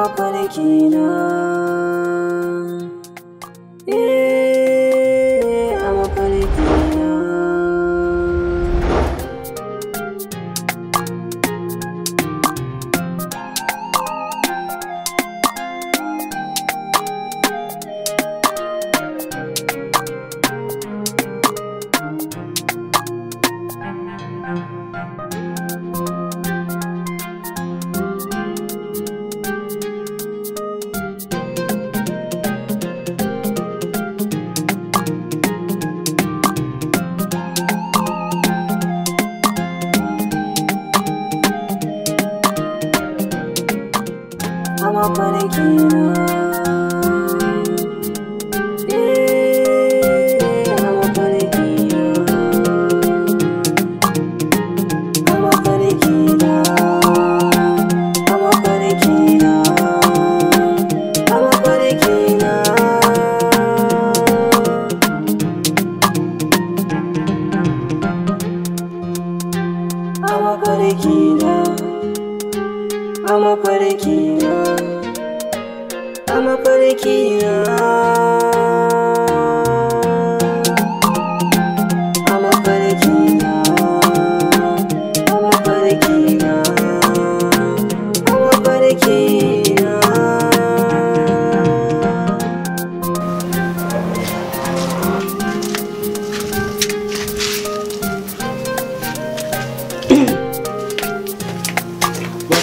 mafarki na ama a ba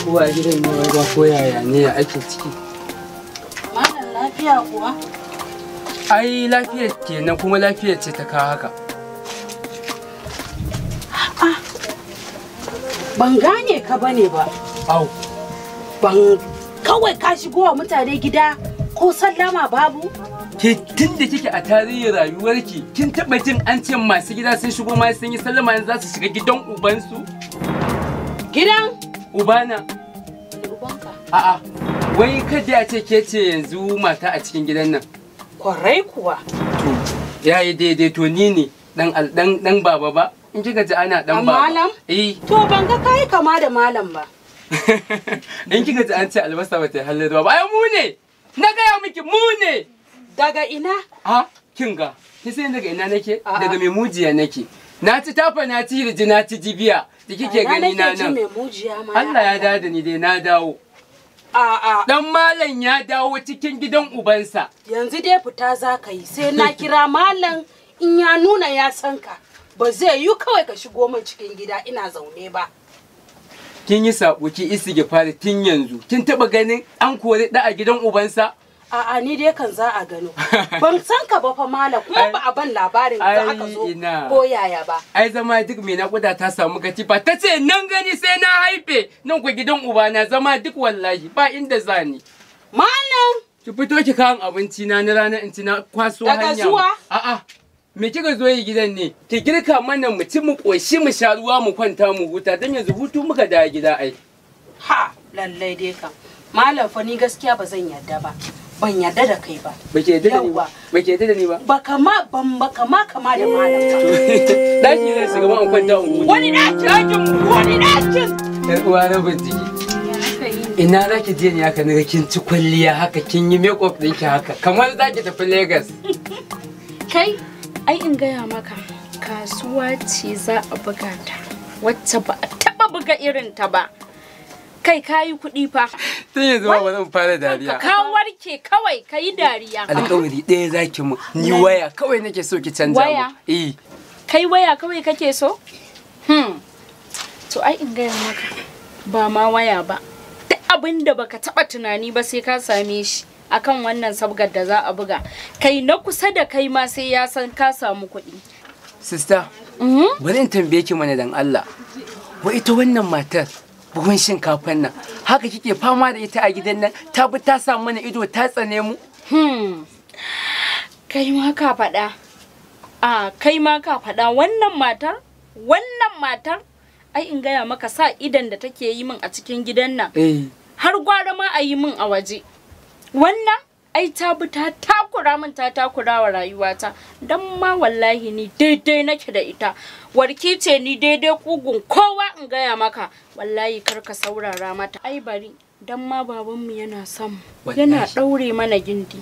kowa gidan ne ba yaya ne ya ake ciki lafiya kuwa? Ai lafiya kenan kuma lafiya ce ta ka haka. Ah, ban gane ka bane ba. Au. Ban kawai ka shigo wa mutane gida ko sallama babu? Ke tun da kike a tarihin rayuwarki kin taba jin an ce masu gida sun shigo ma sun yi sallama yanzu za su shiga gidan ubansu? Gidan? Ubana. Ubanka. A'a. Wai kada ya ce ke ce yanzu mata a cikin gidan nan. Kwarai kuwa. Ya yi daidai to ni ne dan dan baba ba. In kika ji ana dan baba. Malam? Eh. To ban ga kai kama da malam ba. In kika ji an ce albasa ba ta halle ba. Ai mu ne. Na gaya miki mu ne. Daga ina? Ha? ga? Ki sai daga ina nake? Daga mai mujiya nake. Na ci tafa na ci rijina na ci jibiya da kike gani na nan. Allah ya dada ni dai na dawo. A'a. Dan malam ya dawo cikin gidan ubansa. Yanzu dai fita za ka yi sai na kira malam in ya nuna ya san ka. Ba zai yi kawai ka shigo min cikin gida ina zaune ba. Kin yi saboki ki isi fara tun yanzu. Kin taɓa ganin an kori ɗa a gidan ubansa? A'a ni dai kan za a gano. Ban san ka ba fa malam kuma ba a ban labarin da aka zo ko yaya ba. Ai zama duk mai nakuda ta samu katifa ta ce nan gani sai na haife nan ku gidan uba, na zama duk wallahi ba inda zani. Malam. Ki fito ki kawo abinci na na ranar in ci na kwaso hanya. Daga zuwa? A'a. Me kika zo yi gidan ne? Ki girka mana mu ci mu koshi mu sha ruwa mu kwanta mu huta dan yanzu hutu muka dawo gida ai. Ha lallai dai kam. Malam fa ni gaskiya ba zan yarda ba. ban yarda da kai ba. Ba ke yarda da ni ba. Ba ke yarda da ni ba. Ba kama ban ba kama kama da malam ba. Daki zai shiga ban kwanta in huta. Wani daki ajin wani dakin. Yar uwa na bincike. Ina za ki je ne haka naga kin ci kwalliya haka kin yi makeup ki haka kamar za ki tafi Lagos. Kai ai in gaya maka kasuwa ce za a buga ta wacce ba a taba buga irin ta ba. kai kayi kuɗi fa tun yanzu ba zan fara dariya ka warke kawai kayi dariya alƙawari ɗaya zaki mu ni waya kawai nake so ki canza waya eh kai waya kawai kake so hmm to ai in gaya maka ba ma waya ba duk abin da baka taɓa tunani ba sai ka same shi akan wannan sabgar da za a buga kai na kusa da kai ma sai ya san ka samu kuɗi sista mm-hmm. bari in tambaye ki mana dan Allah wa ita wannan matar buhun shinkafan nan haka kike fama da ita a gidan nan ta bi ta sa mana ido ta tsane mu hmm. kai ma ka faɗa a kai ma ka faɗa wannan matar wannan matar ai in gaya maka sa idan da take yi min a cikin gidan nan eh. har gwara ma a yi min a waje wannan ai ta bi ta takura min ta takura wa rayuwata dan ma wallahi ni daidai nake da ita warki ce ni daidai kugun kowa in gaya maka wallahi kar ka saurara mata ai bari dan ma babanmu yana son yana daure mana gindi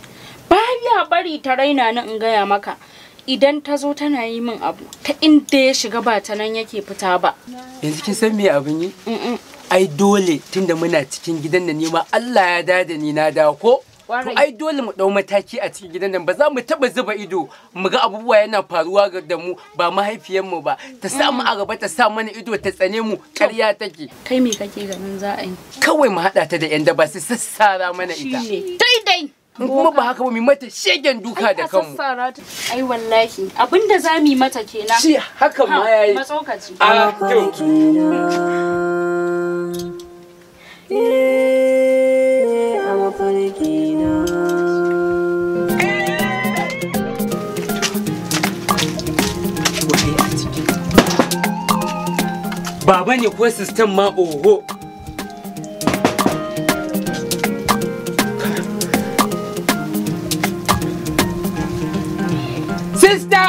ba ya bari ta raina ni in gaya maka idan ta zo tana yi min abu ta inda ya shiga ba ta nan yake fita ba yanzu kin san me abin yi ai dole tunda muna cikin gidan da nema Allah ya dada ni na da ko ko ai dole mu dau mataki a cikin gidan nan ba za mu taba zuba ido mu ga abubuwa yana faruwa da mu ba mahaifiyar mu ba ta sa mu a gaba ta sa mana ido ta tsane mu ƙarya take kai me kake ganin za a yi kawai mu hada ta da yan daba su sassara mana ita daidai kuma ba haka ba mu mata shegen duka da kanmu ai wallahi abinda za mu yi mata kenan shi haka ma yayi matsaukaci a to baba ne ko sistan ma oho sista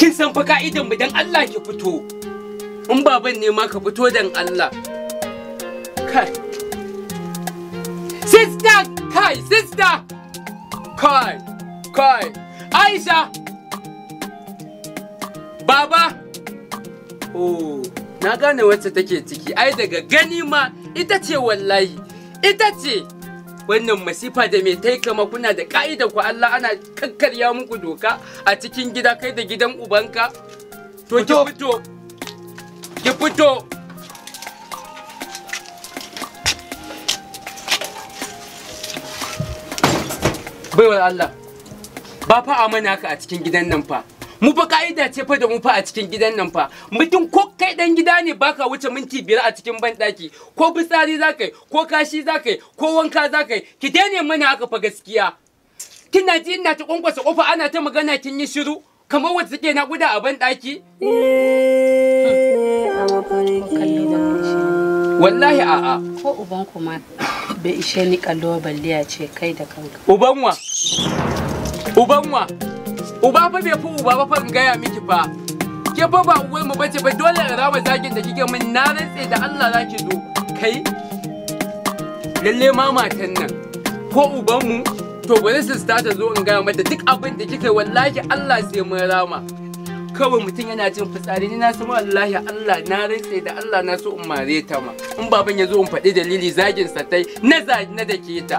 kin san fa ka'idan mu dan Allah ki fito in baban ne ma ka fito dan Allah kai sista kai sista kai kai aisha baba Oh. na gane wacce take ciki ai daga gani ma ita ce wallahi ita ce wannan masifa da mai ta kama kuna da ka'ida ku Allah ana kakkarya muku doka a cikin gida kai da gidan ubanka to ki fito ki fito baiwar Allah ba fa amana ka a cikin gidan nan fa mu fa ka'ida ce fa da mu fa a cikin gidan nan fa mutum ko kai dan gida ne baka wuce minti biyar a cikin banɗaki ko fitsari za kai ko kashi za kai ko wanka za kai ki daina mana haka fa gaskiya kina ji ina ta kwankwasa kofa ana ta magana kin yi shiru kamar wacce take na guda a banɗaki wallahi a'a ko uban kuma bai ishe ni kallo balliya ce kai da kanka uban wa Uba fa bai fi uba ba fa in gaya miki fa. Ke fa ba uwar mu bace ba dole in rama zagin da kike min na rantse da Allah zaki zo. Kai lalle ma matan nan ko uban mu to bari su ta zo in gaya mata duk abin da kika wallahi Allah sai mun rama. Kawai mutum yana jin fitsari ni na san wallahi Allah na rantse da Allah na so in mare ta ma. In baban ya zo in faɗi dalili zagin sa tai na zagi na ta.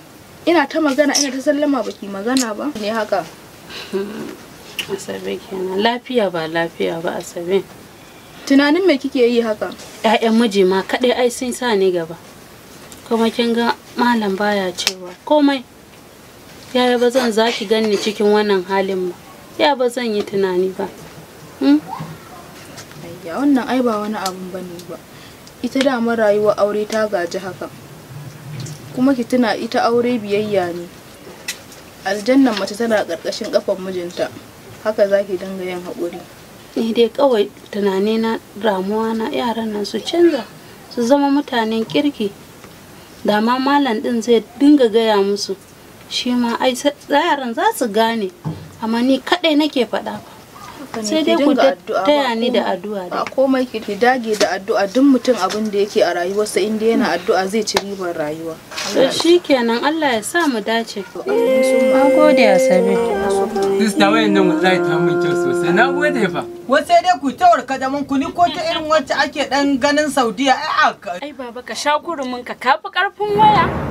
ina ta magana ina ta sallama baki magana ba ne haka asabe kenan lafiya ba lafiya ba asabe tunanin me kike yi haka ƴaƴan miji ma kadai ai sun sa ni gaba kuma kin ga malam baya cewa komai yaya ba zan zaki ganni cikin wannan halin ba ya ba zan yi tunani ba hmm? ya wannan ai ba wani abun bane ba ita da rayuwa aure ta gaji haka kuma ki tuna ita aure biyayya ne aljannan mace tana ƙarƙashin ƙafan mijinta haka za ki dinga yin haƙuri ni dai kawai tunani na ramuwa na yaran nan su canza su zama mutanen kirki da ma malam din zai dinga gaya musu shi ma ai yaran za su gane amma ni kaɗai nake faɗa sai dai ku taya ni da addu'a ba komai ki dage da addu'a duk mutum abin da yake a rayuwarsa inda yana addu'a zai ci ribar rayuwa to shikenan Allah ya sa mu dace eh, na gode a sabi sista wayan nan wallahi ta mun kyau sosai na gode fa wai sai dai ku tawar ka zaman ku ni ko ta irin wacce ake dan ganin Saudiya ai baba ka sha kurumin ka kafi karfin waya